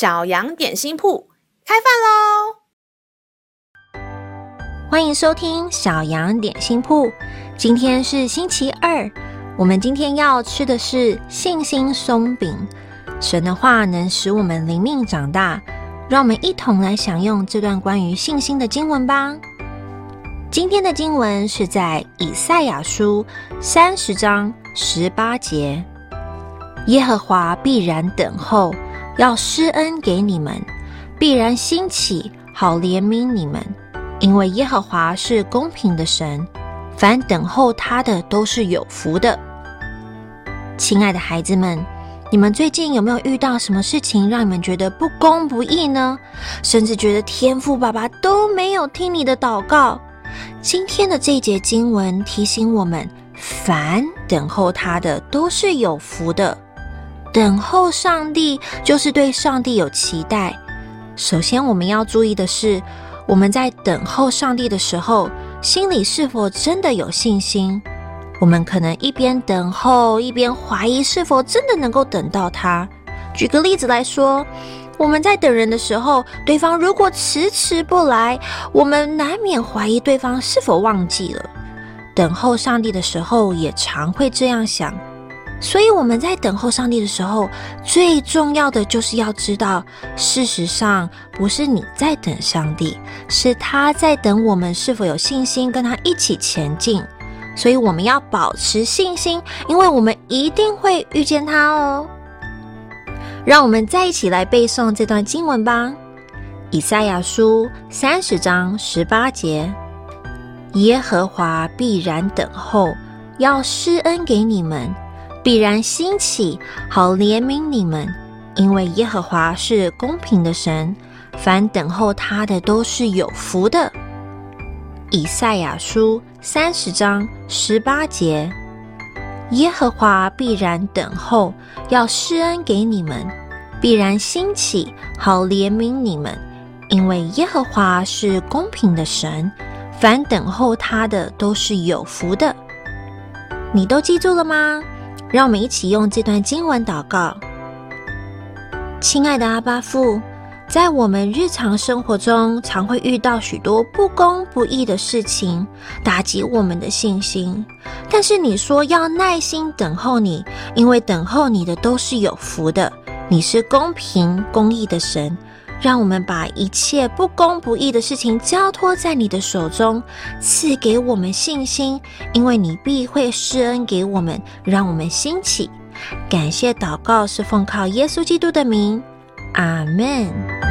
小羊點心鋪開飯嘍！歡迎收聽小羊點心鋪。今天是星期二，我們今天要吃的是信心鬆餅。神的話能使我們靈命長大，讓我們一同來享用這段關於信心的經文吧。今天的經文是在以賽亞書三十章十八節：耶和華必然等候。要施恩給你們，必然興起，好憐憫你們，因為耶和華是公平的神，凡等候他的都是有福的。親愛的孩子們，你們最近有沒有遇到什麼事情讓你們覺得不公不義呢？甚至覺得天父爸爸都沒有聽你的禱告？今天的這節經文提醒我們，凡等候他的都是有福的。等候上帝就是對上帝有期待。首先，我們要注意的是，我們在等候上帝的時候，心裡是否真的有信心。我們可能一邊等候，一邊懷疑是否真的能夠等到他。舉個例子來說，我們在等人的時候，對方如果遲遲不來，我們難免懷疑對方是否忘記了。等候上帝的時候，也常會這樣想。所以我們在等候上帝的時候，最重要的就是要知道，事實上不是你在等上帝，是他在等我們是否有信心跟他一起前進。所以我們要保持信心，因為我們一定會遇見他哦。讓我們再一起來背誦這段經文吧，《以賽亞書》三十章十八節：耶和華必然等候，要施恩給你們。必然興起，好憐憫你們，因為耶和華是公平的神，凡等候他的都是有福的。以賽亞書三十章十八節：耶和華必然等候，要施恩給你們；必然興起，好憐憫你們，因為耶和華是公平的神，凡等候他的都是有福的。你都記住了嗎？讓我們一起用這段經文禱告，親愛的阿爸父，在我們日常生活中，常會遇到許多不公不義的事情，打擊我們的信心。但是你說要耐心等候你，因為等候你的都是有福的，你是公平公義的神。讓我們把一切不公不義的事情交托在你的手中，賜給我們信心，因為你必會施恩給我們，讓我們興起。感謝禱告是奉靠耶穌基督的名，阿門。